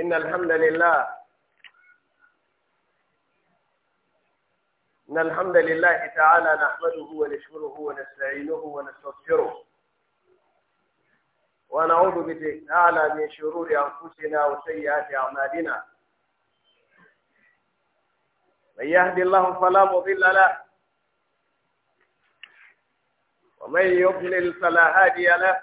إن الحمد لله إن الحمد لله تعالى نحمده ونشكره ونستعينه ونستغفره ونعوذ تعالى من شرور أنفسنا وسيئات أعمالنا من يهدي الله فلا مضل له ومن يضلل فلا هادي له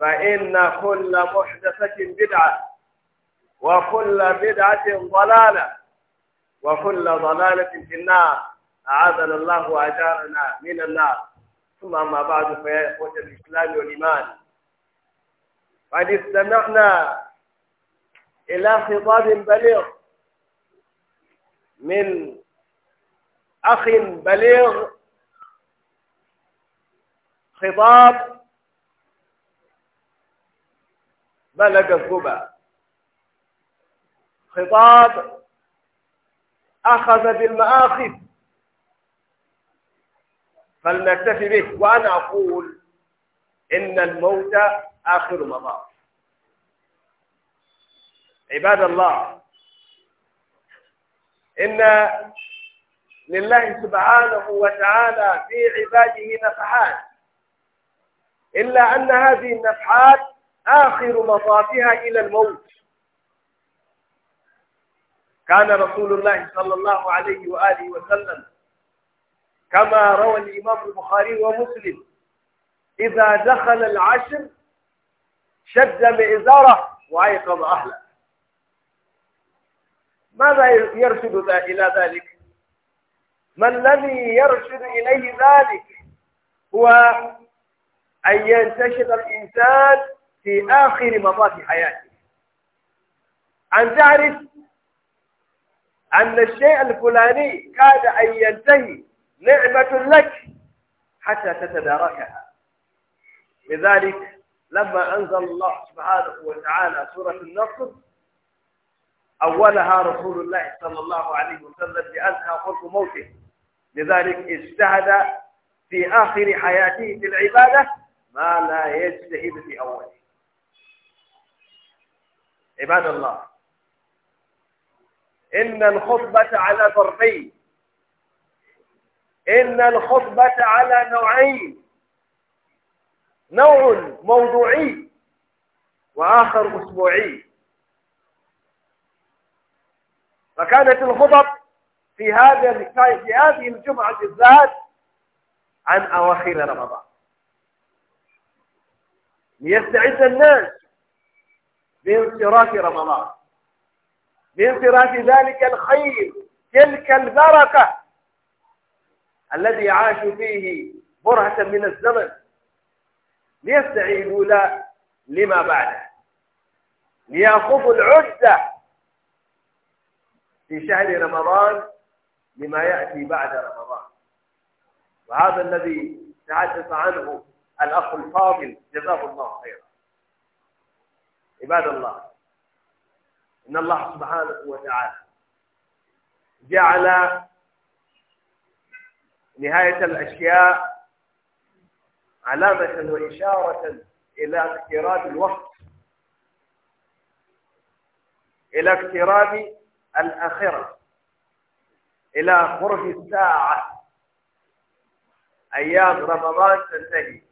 فإن كل محدثة بدعة وكل بدعة ضلالة وكل ضلالة في النار أعاذنا الله وأجارنا من النار ثم أما بعد فيا إخوة الإسلام والإيمان قد استمعنا إلى خطاب بليغ من أخ بليغ خطاب فلق الربا خطاب أخذ بالمآخذ فلنكتفي به وأنا أقول إن الموت آخر مطاف عباد الله إن لله سبحانه وتعالى في عباده نفحات إلا أن هذه النفحات آخر مطافها إلى الموت كان رسول الله صلى الله عليه وآله وسلم كما روى الإمام البخاري ومسلم إذا دخل العشر شد مئزرة وأيقظ أهله ماذا يرشد إلى ذلك ما الذي يرشد إليه ذلك هو أن ينتشر الإنسان في آخر مضات حياته أن تعرف أن الشيء الفلاني كاد أن ينتهي نعمة لك حتى تتداركها لذلك لما أنزل الله سبحانه وتعالى سورة النصر أولها رسول الله صلى الله عليه وسلم لأنها خلق موته لذلك اجتهد في آخر حياته في العبادة ما لا يجتهد في أوله عباد الله إن الخطبة على فرقين إن الخطبة على نوعين نوع موضوعي وآخر أسبوعي فكانت الخطب في هذا في هذه الجمعة بالذات عن أواخر رمضان ليستعد الناس بانصراف رمضان بانصراف ذلك الخير تلك البركة الذي عاشوا فيه برهة من الزمن ليستعيدوا لا لما بعده ليأخذوا العزة في شهر رمضان لما يأتي بعد رمضان وهذا الذي تحدث عنه الأخ الفاضل جزاه الله خيرا عباد الله إن الله سبحانه وتعالى جعل نهاية الأشياء علامة وإشارة إلى اقتراب الوقت إلى اقتراب الآخرة إلى قرب الساعة أيام رمضان تنتهي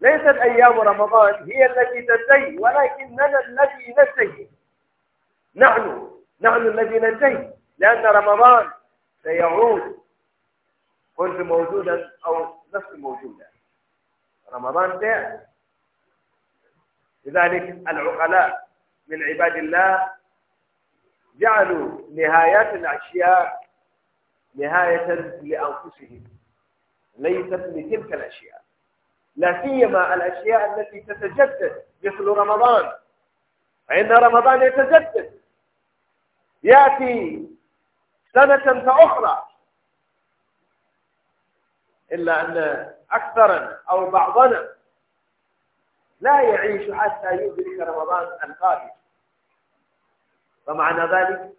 ليست أيام رمضان هي التي تنتهي ولكننا الذي ننتهي نحن نحن الذي ننتهي لأن رمضان سيعود كنت موجودا أو لست موجودا رمضان جاء لذلك العقلاء من عباد الله جعلوا نهايات الأشياء نهاية لأنفسهم ليست لتلك الأشياء لا سيما الأشياء التي تتجدد مثل رمضان فإن رمضان يتجدد يأتي سنة فأخرى إلا أن أكثرا أو بعضنا لا يعيش حتى يدرك رمضان القادم ومعنى ذلك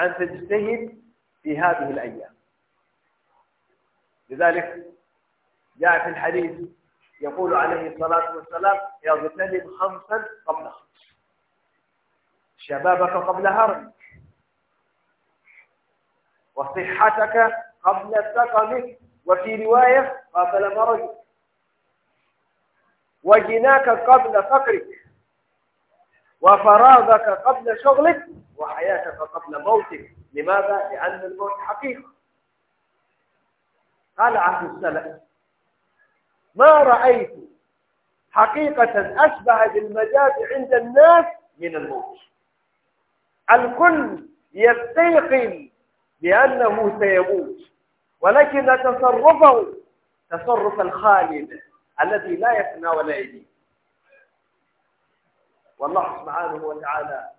أن تجتهد في هذه الأيام لذلك جاء في الحديث يقول عليه الصلاة والسلام اغتنم خمسا قبل خمس شبابك قبل هرمك وصحتك قبل سقمك وفي رواية قبل مرضك وجناك قبل فقرك وفراغك قبل شغلك وحياتك قبل موتك لماذا؟ لأن الموت حقيقة قال عهد السلام ما رأيت حقيقة أشبه بالمجاز عند الناس من الموت الكل يستيقن بأنه سيموت ولكن تصرفه تصرف الخالد الذي لا يفنى ولا يجيب والله سبحانه وتعالى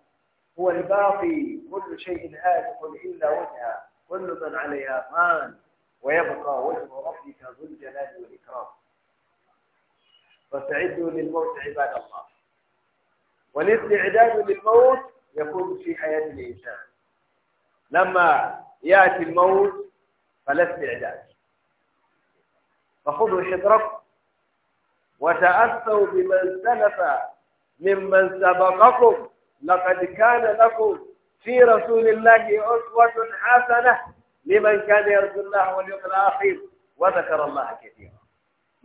هو الباقي كل شيء هالك إلا وجهه كل من عليها فان ويبقى وجه ربك ذو الجلال والإكرام فاستعدوا للموت عباد الله والاستعداد للموت يكون في حياة الإنسان لما يأتي الموت فلا استعداد فخذوا حذركم وتأسوا بمن سلف ممن سبقكم لقد كان لكم في رسول الله أسوة حسنة لمن كان يرجو الله واليوم الآخر وذكر الله كثيرا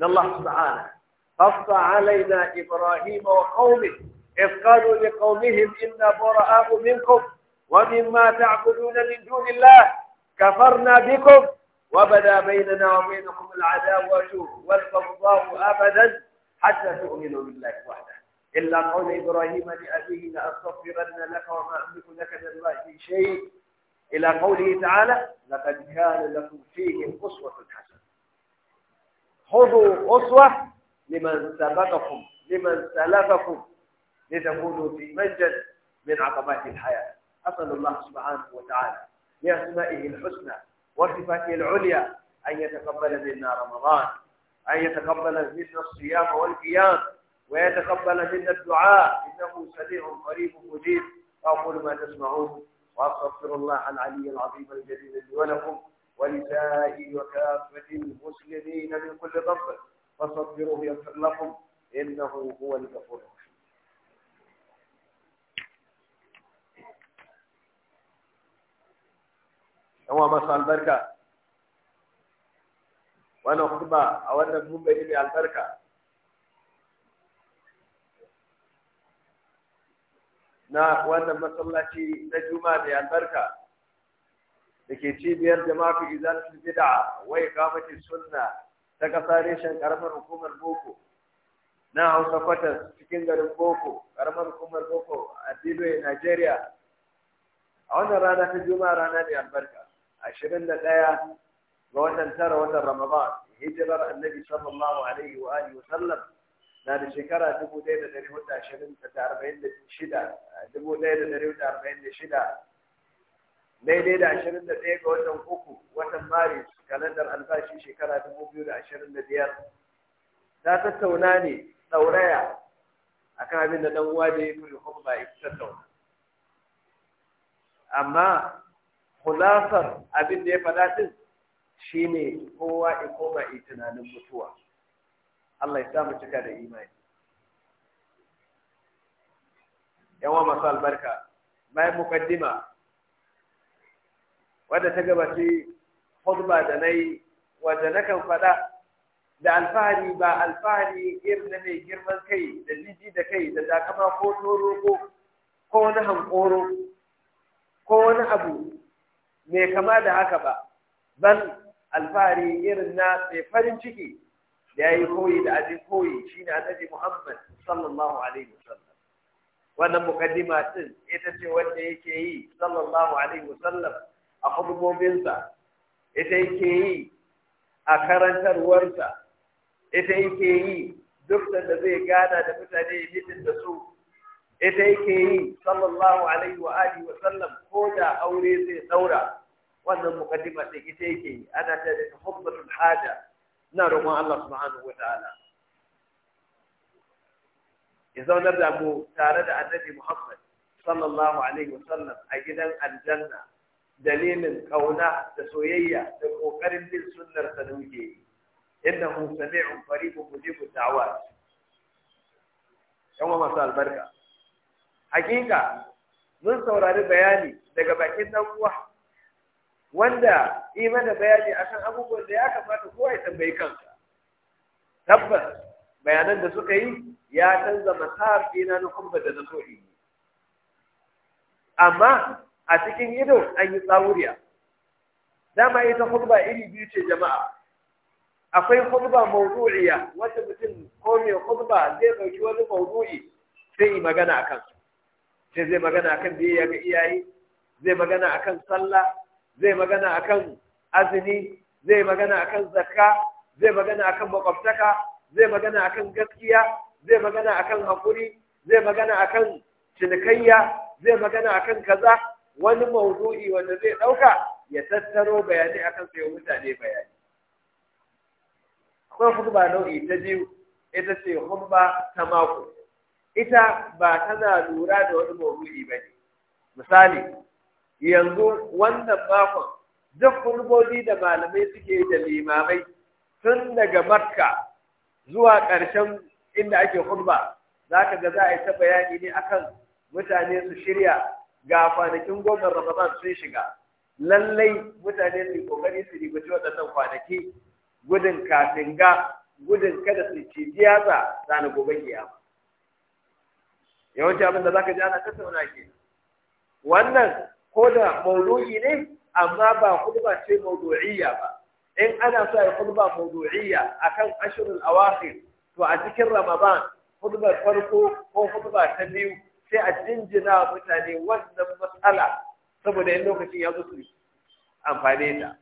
الله سبحانه قص علينا إبراهيم وقومه إذ قالوا لقومهم إنا براء منكم ومما تعبدون من دون الله كفرنا بكم وبدا بيننا وبينكم العذاب العداوة والبغضاء أبدا حتى تؤمنوا بالله وحده إلا قول إبراهيم لأبيه لأستغفرن لك وما أملك لك من الله في شيء إلى قوله تعالى لقد كان لكم فيهم أسوة حسنة خذوا أسوة لمن سبقكم لمن سلفكم لتكونوا في منجد من عقبات الحياة أسأل الله سبحانه وتعالى بأسمائه الحسنى وصفاته العليا أن يتقبل منا رمضان أن يتقبل منا الصيام والقيام ويتقبل منا الدعاء إنه سميع قريب مجيب أقول ما تسمعون وأستغفر الله العلي العظيم الجليل لي ولكم ولسائر وكافة المسلمين من كل ذنب فاستغفروه يغفر لكم إنه هو الغفور الرحيم masu albarka wannan hudba a wannan mumbari mai albarka na wannan masallaci na juma mai albarka da ke cibiyar jama'a fi su bid'a wai kamati sunna ta ƙasa reshen ƙaramar hukumar boko na hausa kwatas cikin garin boko ƙaramar hukumar boko a diloye nigeria a wannan rana ta juma'a rana ne albarka ashirin da ɗaya ga watan tara watan ramadan hijirar annabi sallallahu alaihi wa alihi wa sallam na da shekara dubu ɗaya da ɗari hudu ashirin da arba'in da shida dubu ɗaya da ɗari hudu arba'in da shida daidai da ashirin da ɗaya ga watan uku watan maris kalandar albashi shekara da biyar ta tattauna ne tsauraya a kan abin da ɗan uwa da ya fi kuma ba ya tattauna amma kulasar abin da ya faɗa shi ne kowa ya koma tunanin mutuwa Allah ya samu cika da imani yawan masu albarka bayan mukaddima wadda ta gabace hudba da nayi wanda wadda na kan faɗa da alfahari ba alfahari irin na mai girman kai da jiji da kai da dakama ko toro ko ko wani hankoro ko wani abu mai kama da haka ba ban alfahari irin na mai farin ciki da ya yi koyi da abin koyi shine annabi muhammad sallallahu alaihi wasallam wannan mukaddima din ita ce wanda yake yi sallallahu alaihi wasallam a hudubobinsa ita yake yi a karantarwarsa ita yake yi duk da zai gada da mutane ya da su ita yake yi sallallahu alaihi wa alihi wa sallam ko da aure zai daura wannan muqaddima din ita yake yi ana ta da hubbatul haja na roƙon Allah subhanahu wa ta'ala ya zaunar da mu tare da annabi Muhammad sallallahu alaihi wa sallam a gidan aljanna dalilin kauna da soyayya da kokarin bin sunnar sa da muke yi innahu sami'un qaribun mujibu da'wat yawa masu albarka hakika mun saurari bayani daga bakin dan uwa wanda yi mana bayani akan abubuwan da ya kamata kowa ya tambayi kansa tabbas bayanan da suka yi ya canza masar na na ba da na so amma a cikin ido an yi tsawuriya dama ita khutba iri biyu ce jama'a akwai khutba mawdu'iya wata mutum ko mai khutba zai dauki wani mawdu'i sai yi magana akan sai zai magana akan biyayya ga iyaye zai magana akan sallah zai magana akan azumi zai magana akan zakka zai magana akan makwabtaka zai magana akan gaskiya zai magana akan hakuri zai magana akan cinikayya zai magana akan kaza wani maudu'i wanda zai ɗauka ya tattaro bayanai akan sai mutane bayani Kuma hudba nau'i ta biyu ita ce hudba ta mako ita ba tana lura da wani maudu'i ba ne misali yanzu wannan makon duk hudbodi da malamai suke da limamai tun daga makka zuwa ƙarshen inda ake hudba za ka ga za a yi ta bayani ne akan mutane su shirya ga kwanakin goma Ramadan sun shiga lallai mutane su kokari su ribaci waɗannan kwanaki gudun kafin ga gudun kada su ci jiyasa rana gobe giya. yawanci abin da zaka ji ana tattauna ke wannan ko da maudu'i ne amma ba hudba ce maudu'iyya ba in ana sa ya khutba maudu'iyya akan ashirin awakhir to a cikin ramadan khutbar farko ko khutba ta biyu sai a jinjina mutane wannan matsala saboda yin lokacin ya zo su amfani da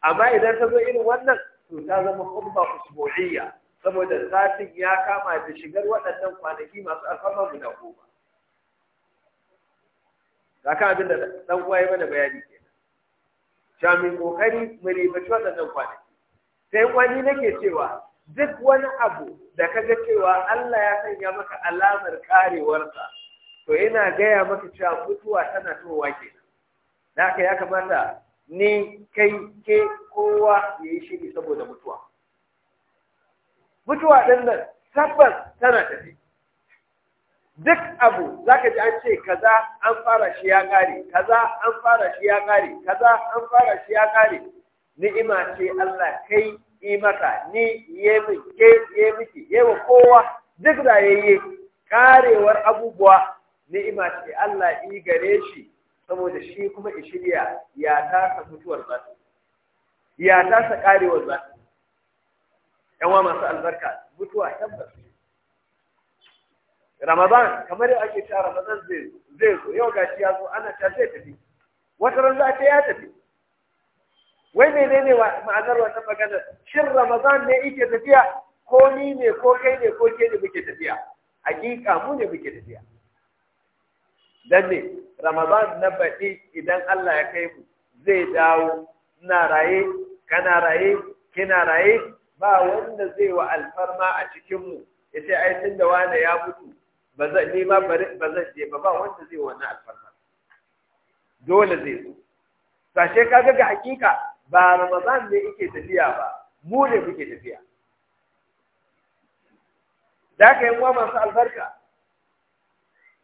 amma idan ta zo irin wannan to ta zama khutba usbu'iyya saboda satin ya kama da shigar waɗannan kwanaki masu alfarma guda goma ga kan abin da ɗan uwa ya mana bayani ke sha min kokari mu ribaci waɗannan kwanaki sai wani nake cewa duk wani abu da kaga cewa Allah ya sanya maka alamar karewarsa to yana gaya maka cewa mutuwa tana towa ke da ka ya kamata ni kai ke kowa ya yi shiri saboda mutuwa mutuwa ɗin nan tabbas tana tafi duk abu za ka ji an ce kaza an fara shi ya ƙare kaza an fara shi ya ƙare kaza an fara shi ya ƙare ni'ima ce Allah kai yi maka ni ye min ke ye miki ye wa kowa duk da yayye karewar abubuwa ni'ima ce Allah yi gare shi saboda shi kuma i shirya ya tasa mutuwar za ya tasa karewar za yan wa masu albarka mutuwa tabbas Ramadan kamar yau ake cewa Ramadan zai zai zo yau shi ya zo ana ta zai tafi wata ran za ta ya tafi wai menene ma'anar wannan maganar shin Ramadan ne yake tafiya ko ni ne ko kai ne ko ke ne muke tafiya hakika mu ne muke tafiya dan ne ramadan na baɗi idan Allah ya kai mu zai dawo ina raye kana raye kina raye ba wanda zai wa alfarma a cikin mu yace ai da wani ya mutu ba zan ni ma ba zan je ba ba wanda zai wa na alfarma dole zai zo sashe ka ga hakika ba ramadan ne yake tafiya ba mu ne muke tafiya da ka yi masu albarka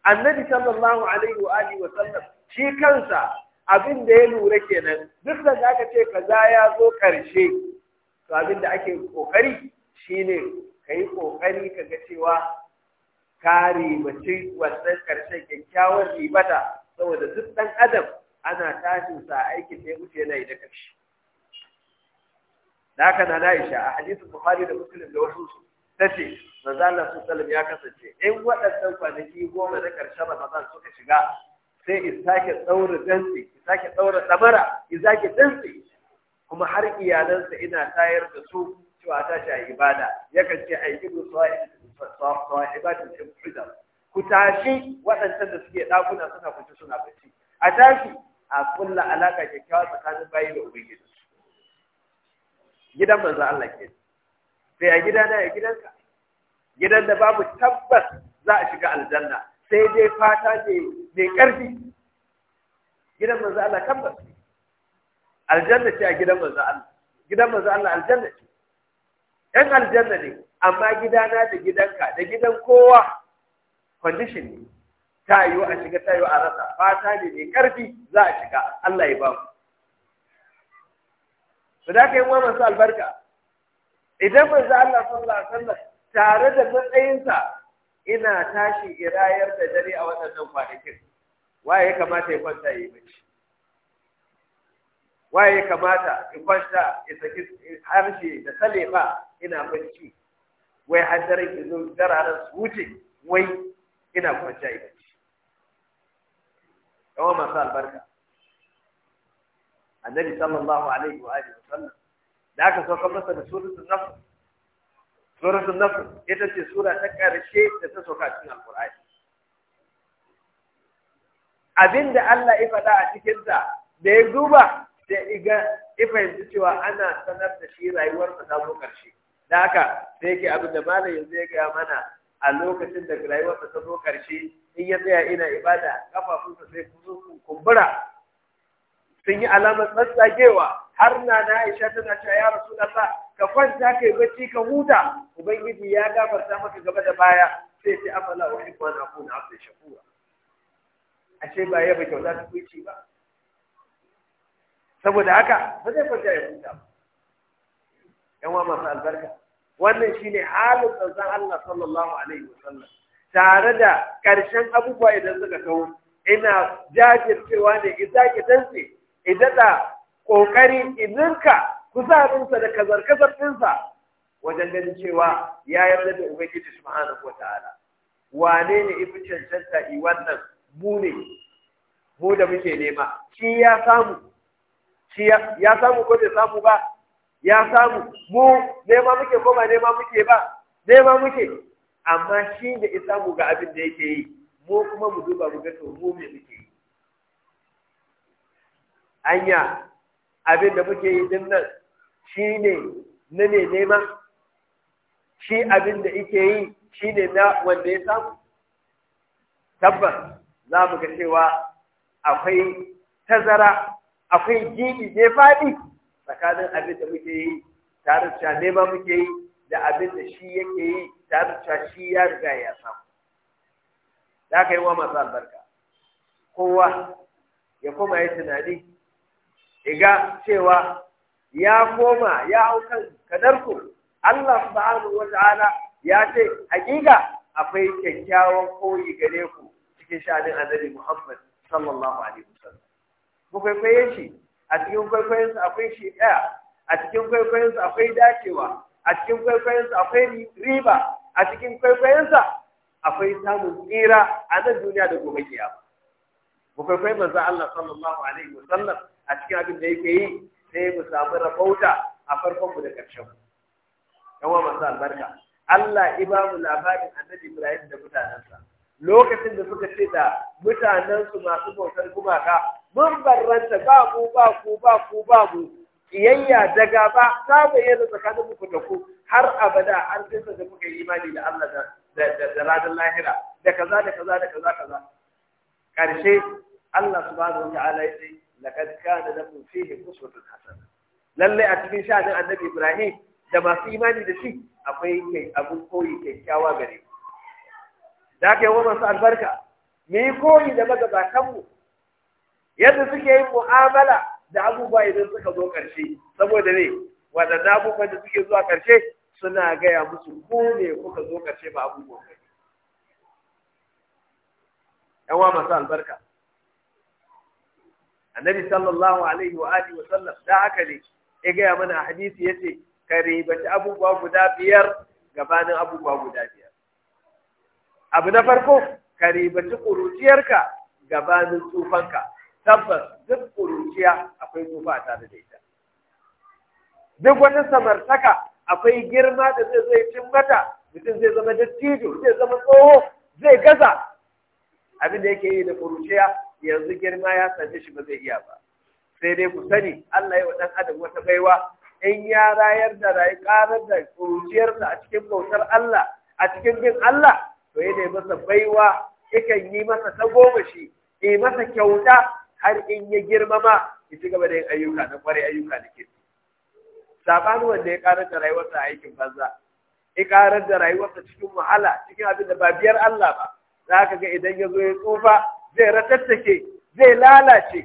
annabi sallallahu alaihi wa alihi wa sallam shi kansa abin da ya lura kenan duk da aka ce kaza ya zo karshe to abin da ake kokari shine kai kokari ga cewa kare mace wannan karshen kyakkyawar ribata saboda duk dan adam ana tashin sa aikin da ya wuce yana yi da karshe da haka na Aisha a hadisin Bukhari da Muslim da wasu tace manzo su sallam ya kasance in waɗannan kwanaki goma na ƙarshen Ramadan suka shiga sai isake tsaura dantsi isake tsaura In isake dantsi kuma har iyalansa ina tayar da su cewa ta shi ibada yakan ce yi ibnu sahibatin ibn ku tashi waɗancan da suke ɗakuna suna kuce suna bacci a tashi a kulla alaka kyakkyawa tsakanin bayi da ubangiji gidan manzo Allah kenan sai a gidana ya gidanka gidan da babu tabbas za a shiga aljanna sai dai fata ne mai ƙarfi gidan manzo Allah tabbas aljanna ce a gidan manzo Allah gidan manzo Allah aljanna ce ɗan aljanna ne amma gidana da gidanka da gidan kowa condition ne ta yiwu a shiga ta yiwu a rasa fata ne mai ƙarfi za a shiga Allah ya ba mu. Sadaka yin ka yi wa masu albarka idan za Allah sallallahu alaihi wasallam tare da matsayinsa ina tashi irayar da dare a waɗannan kwanakin waye kamata ya kwanta yi mace waye kamata ya kwanta ya saki harshe da sale ba ina bacci wai har ki zo dararan su wuce wai ina kwanta yi bacci yawan masu albarka annabi sallallahu alaihi wa alihi wa sallam da aka sauka masa da suratul nasr suratul nasr ita ce sura ta ƙarshe da ta sauka cikin alqur'ani da Allah ya faɗa a cikinta, ta da ya duba da iga ya fahimci cewa ana sanar da shi rayuwar ta zo ƙarshe da haka sai yake abin da malam yanzu ya gaya mana a lokacin da rayuwar ta zo karshe in ya tsaya ina ibada kafafunsa sai kumbura sun yi alamar tsatsagewa har na na Aisha tana cewa ya Rasulullah ka kwanta kai bacci ka huta ubangiji ya gafarta maka gaba da baya sai sai afala wa hibba na kuna abda shakura ashe ba ya ba kyauta ta kuici ba saboda haka ba zai kwanta ya huta ba yan wa masu albarka wannan shine halin tsantsan Allah sallallahu alaihi wasallam tare da ƙarshen abubuwa idan suka kawo ina jajircewa ne ita ki dantse idan da ƙoƙari ininka kuzarinsa da kazar-kazar ɗinsa wajen ganin cewa ya yarda da Ubangiji subhanahu wata'ala wane ne ifi cancanta i wannan mu ne mu da muke nema shi ya samu shi ya samu ko bai samu ba ya samu mu nema muke ko ba nema muke ba nema muke amma shi da isa mu ga abin da yake yi mu kuma mu duba mu ga to mu ne muke yi anya abin da muke yi din nan shi ne na ne nema shi abin da ike yi shi ne na wanda ya samu tabbas za mu ga cewa akwai tazara akwai gini ne faɗi tsakanin abin da muke yi tare da nema muke yi da abin da shi yake yi tare da shi ya riga ya samu da aka yi wa masu albarka kowa ya koma yi tunani iga cewa ya koma ya hau kan kadarku Allah subhanahu ta'ala ya ce hakika akwai kyakkyawan koyi gare ku cikin sha'anin annabi Muhammad sallallahu alaihi wasallam ku kwaikwaye shi a cikin su akwai shi ɗaya a cikin su akwai dacewa a cikin su akwai riba a cikin kwaikwayensa akwai samun tsira a nan duniya da gobe kiyama ku kai manzo Allah sallallahu alaihi wasallam a cikin abin da yake yi sai mu samu rabauta a farkon mu da ƙarshen mu wa masu albarka Allah ba mu labarin annabi Ibrahim da mutanensa lokacin da suka ce da mutanensu masu bautar gumaka mun barranta ba ku, ba ku ba ku ba mu kiyayya daga ba ta bayyana tsakanin muku da ku har abada har sai da muka yi imani da Allah da da ranar lahira da kaza da kaza da kaza kaza karshe Allah subhanahu wa ta'ala ya laqad kana lakum fihi uswatun hasana lalle a cikin sha'anin annabi Ibrahim da masu imani da shi akwai kai abun koyi kyakkyawa gare ku da kai wa masu albarka me yi koyi da magabatan mu yadda suke yin mu'amala da abubuwa idan suka zo ƙarshe saboda ne waɗanda abubuwan da suke zuwa ƙarshe suna gaya musu 'Ku ne kuka zo ƙarshe ba abubuwan gari. ‘Yan wa masu albarka, annabi sallallahu alaihi wa alihi wa sallam da haka ne ya gaya mana a hadisi yace ka ribaci abubuwa guda biyar gabanin abubuwa guda biyar abu na farko ka ribaci ƙuruciyarka gabanin tsufanka tabbas duk ƙuruciya akwai tsufa a tare da ita duk wani samartaka akwai girma da zai zai cin mutum zai zama dattijo zai zama tsoho zai gaza abin da yake yi da ƙuruciya yanzu girma ya same shi ba zai iya ba sai dai ku sani Allah ya wa dan adam wata baiwa in ya rayar da rayu karar da kuruciyar da a cikin bautar Allah a cikin bin Allah to ya dai masa baiwa yakan yi masa tagomashi yi masa kyauta har in ya girmama ya ci gaba da yin ayyuka na kwarai ayyuka da ke sabanin wanda ya karar da rayuwarsa a aikin banza ya karar da rayuwarsa cikin wahala cikin abin da ba biyar Allah ba za ka ga idan ya zo ya tsufa zai ratattake zai lalace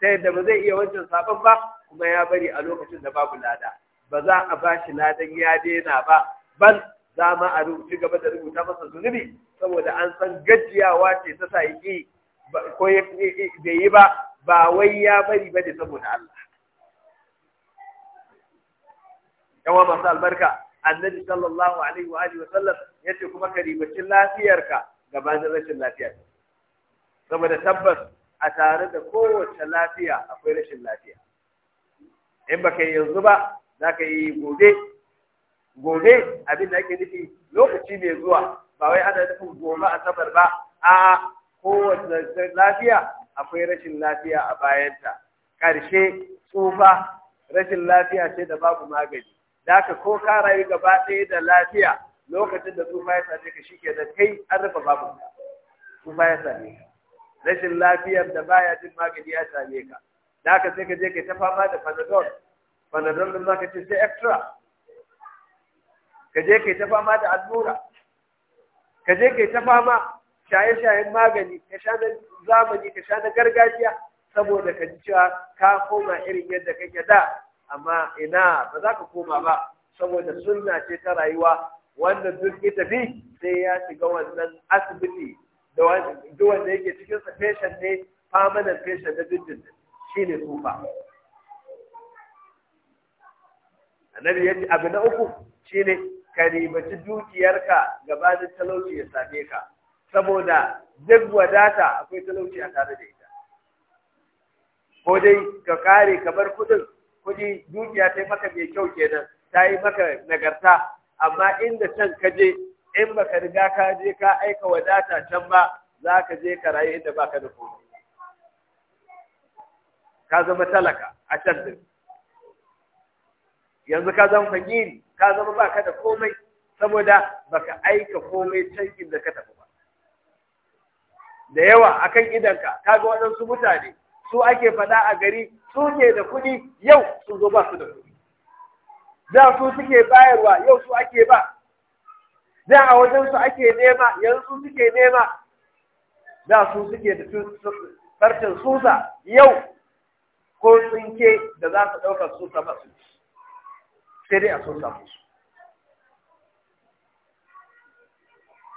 ta yadda ba zai iya wancan sabon ba kuma ya bari a lokacin da babu lada ba za a ba shi ladan ya daina ba Ban za ma a ci gaba da rubuta masa zunubi saboda an san gajiyawa ce ta sa yi ko da yi ba ba wai ya bari ba ne saboda Allah yawa masu albarka annabi sallallahu alaihi wa alihi wa sallam yace kuma ka ribacin lafiyarka gabanin rashin lafiyarka saboda tabbas a tare da kowace lafiya akwai rashin lafiya in baka yi yanzu ba za ka yi gobe gobe abin da ake nufi lokaci mai zuwa ba wai ana nufin gobe sabar ba a kowace lafiya akwai rashin lafiya a bayanta ƙarshe tsufa rashin lafiya ce da babu magani da ka ko ka rayu gaba ɗaya da lafiya lokacin da tsufa ya same ka shi ke da kai an rufe babu tsufa ya same ka rashin lafiyar da baya jin magani ya same ka da haka sai ka je ka ta fama da panadol panadol din zaka ce sai extra ka je ka ta fama da allura ka je ka ta fama shaye-shayen magani ka sha na zamani ka sha na gargajiya saboda ka ji cewa ka koma irin yadda kake da amma ina ba za ka koma ba saboda sunna ce ta rayuwa wanda duk ita bi sai ya shiga wannan asibiti da wanda yake cikin sa fesan ne permanent patient na dindin ne tsufa annabi yace abu na uku shine ka ribaci dukiyarka gabanin talauci ya same ka saboda duk wadata akwai talauci a tare da ita ko dai ka kare kamar bar kudin kudi dukiya ta yi maka mai kyau kenan ta yi maka nagarta amma inda can ka je in baka riga ka je ka aika wadata can ba za ka je ka rayu inda baka da komai ka zama talaka a can din yanzu ka zama fagiri ka zama baka da komai saboda baka aika komai can inda ka tafi ba da yawa akan idanka ga waɗansu mutane su ake faɗa a gari su ke da kuɗi yau su zo ba su da kuɗi da su suke bayarwa yau su ake ba da a wajensu ake nema yanzu suke nema da su suke da tsarkin susa yau ko tsinke da za su ɗaukar susa masu sai dai a susa musu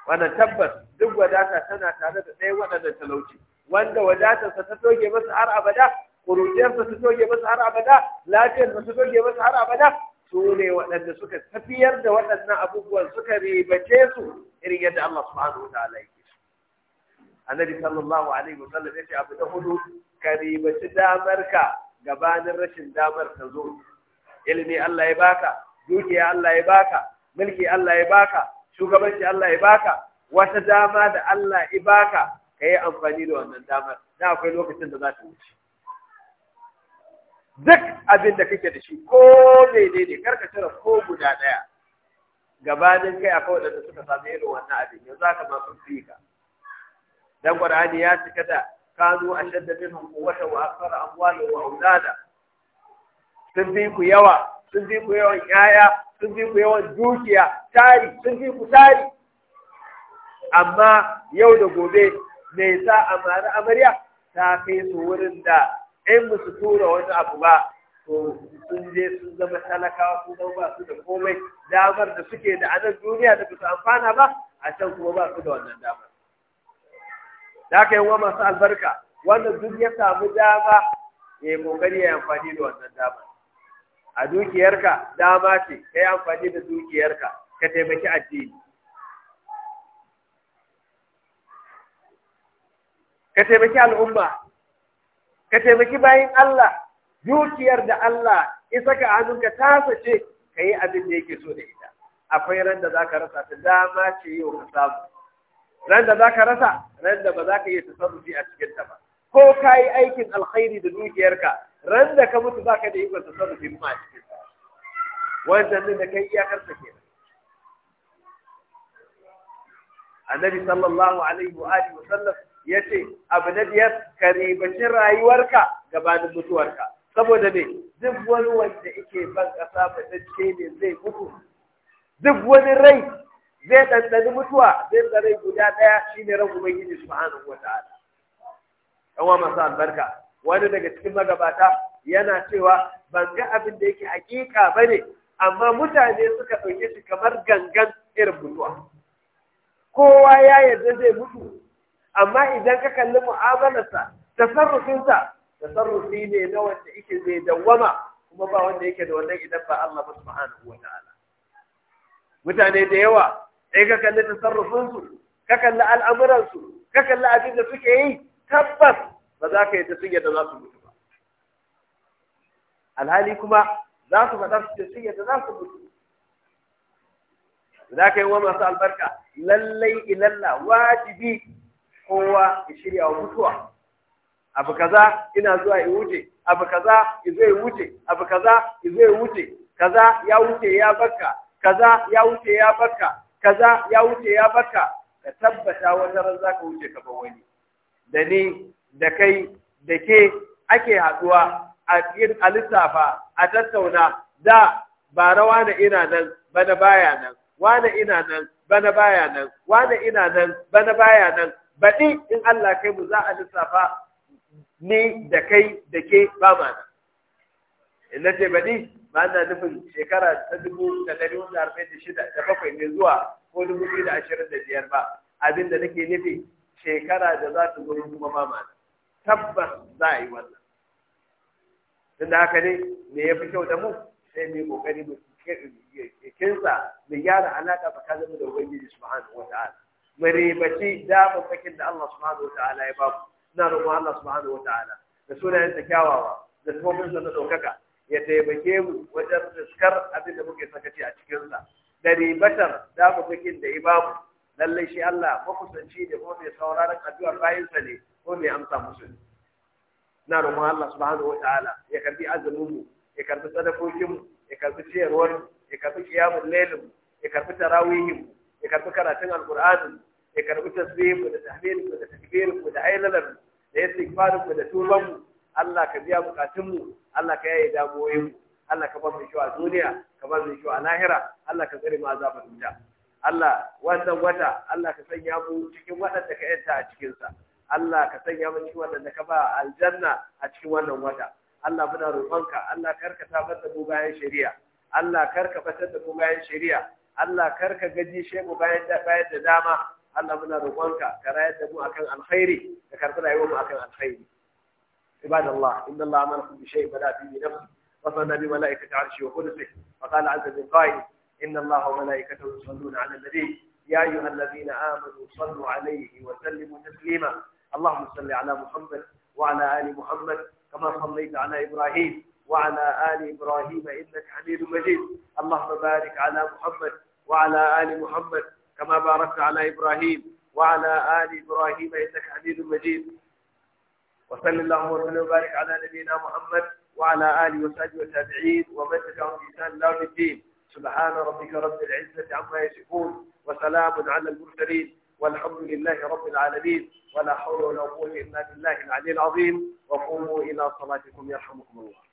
wannan tabbas duk wadata tana tare da ɗaya waɗannan talauci wanda wadatarsa ta toge masa har abada ƙuruciyarsa ta toge masa har abada lafiyarsa ta toge masa har abada su ne waɗanda suka tafiyar da waɗannan abubuwan suka ribace su irin yadda Allah subhanahu wa ta'ala yake su annabi sallallahu alaihi wa sallam yace abu da hudu ka ribaci damar ka gabanin rashin damar ta zo ilimi Allah ya baka dukiya Allah ya baka mulki Allah ya baka shugabanci Allah ya baka wata dama da Allah ya baka ka yi amfani da wannan damar da akwai lokacin da za ta wuce duk abin da kake da shi ko menene karka cire ko guda ɗaya gabanin kai akwai wadanda suka samu irin wannan abin yanzu haka ma sun fi ka dan qur'ani ya cika da kanu ashadda minhum quwwatan wa akthara amwalan wa sun fi ku yawa sun fi ku yawan yaya sun fi ku yawan dukiya tari sun fi ku tari amma yau da gobe mai sa amana amarya ta kai su wurin da in ba su tura wani abu ba to sun je sun zama talakawa sun zama ba su da komai damar da suke da anan duniya da ba su amfana ba a can kuma ba su da wannan damar da aka yi wa masu albarka wanda duk ya samu dama ya yi kokari ya amfani da wannan damar a dukiyarka dama ce ka yi amfani da dukiyarka ka taimaki addini ka taimaki al'umma ka taimaki bayan Allah dukiyar da Allah isa ka hannunka ta ce ka yi abin da yake so da ita akwai ran da ka rasa ta dama ce yau ka samu ran da ka rasa ran da ba za ka iya tasarrufi a cikin ta ba ko ka yi aikin alkhairi da dukiyarka ran da ka mutu za ka da ikon tasarrufi ma a cikin ta wannan da kai iyakar sa annabi sallallahu alaihi wa wa sallam ya ce abu na biyar ka rayuwarka gabanin mutuwarka saboda me duk wani wanda yake ban ƙasa fatacce ne zai mutu duk wani rai zai ɗanɗani mutuwa zai tsare guda ɗaya shine ran ubangiji subhanahu wa ta'ala yawa masu albarka wani daga cikin magabata yana cewa ban ga abin da yake hakika bane amma mutane suka ɗauke shi kamar gangan irin mutuwa kowa ya yarda zai mutu amma idan ka kalli mu'amalarsa tasarrufinsa tasarrufi ne na wanda yake zai dawwama kuma ba wanda yake da wannan idan ba Allah subhanahu wa ta'ala mutane da yawa sai ka kalli tasarrufinsu ka kalli al'amuransu ka kalli abin da suke yi tabbas ba za ka yi ta sunya da za su mutu ba alhali kuma za su faɗa su ce sunya da za su mutu za ka yi wa masu albarka lallai ilalla wajibi kowa ya shirya wa mutuwa abu kaza ina zuwa ya wuce abu kaza izo ya wuce abu kaza izo ya wuce kaza ya wuce ya barka kaza ya wuce ya barka kaza ya wuce ya barka ka tabbata wata ran za ka wuce kaban wani da ni da kai da ke ake haɗuwa a lissafa a tattauna da bara wane ina nan bana baya nan wane ina nan bana baya nan wane ina nan bana baya nan baɗi in Allah kai mu za a lissafa ni da kai da ke ba ma na ce baɗi ba na nufin shekara ta dubu da ɗari hudu arba'in da shida da bakwai ne zuwa ko dubu biyu da ashirin da biyar ba abin da nake nufi shekara da za ta zo kuma ba ma tabbas za a yi wannan da haka ne me ya fi kyau da mu sai mu yi ƙoƙari mu kinsa mu gyara alaƙa mu da ubangiji subhanahu wa ta'ala mu ribaci damammakin da Allah subhanahu wataala ya bamu ina roƙon Allah subhanahu wataala da sunayen sa kyawawa da sifofin sa na ɗaukaka ya taimake mu wajen fuskar abin da muke sakaci a cikin sa da ribatar damammakin da ya bamu lallai shi Allah makusanci da ko mai sauraron addu'ar bayinsa ne ko mai amsa musu ne na roƙon Allah subhanahu wataala ya karbi azumin mu ya karbi sadakokin ya karbi ciyarwar ya karbi qiyamul ya karbi tarawihin mu ya karbi karatun alkur'ani ya karbi tasbih da tahlil da takbir da ailalar da istighfar da tuban Allah ka biya bukatun mu Allah ka yaye damuwoyin Allah ka bar mu shi a duniya ka bar mu shi a lahira Allah ka tsare mu azabar wuta Allah wannan wata Allah ka sanya mu cikin waɗanda ka yanta a cikinsa Allah ka sanya mu cikin waɗanda ka ba aljanna a cikin wannan wata Allah muna roƙonka Allah karka tabar da mu bayan shari'a Allah karka batar da mu bayan shari'a Allah kar ka gaji shemu bayan da dama Allah muna roƙonka ka rayar da mu akan alkhairi ka karɓi rayuwar mu akan alkhairi ibadallah inna Allah amara bi shay'in bada bi nafsi wa sanna bi malaikati arshi wa qudsi wa qala azza min qa'il inna Allah wa malaikatahu yusalluna 'ala an-nabi ya ayyuha alladhina amanu sallu 'alayhi wa sallimu taslima اللهم صل على محمد وعلى ال muhammad كما صليت على ابراهيم وعلى ال ابراهيم انك حميد مجيد اللهم بارك على محمد وعلى آل محمد كما باركت على إبراهيم وعلى آل إبراهيم إنك حميد مجيد وصل الله وسلم وبارك على نبينا محمد وعلى آله وصحبه والتابعين ومن تبعهم بإحسان إلى يوم الدين سبحان ربك رب العزة عما يصفون وسلام على المرسلين والحمد لله رب العالمين ولا حول ولا قوة إلا بالله العلي العظيم وقوموا إلى صلاتكم يرحمكم الله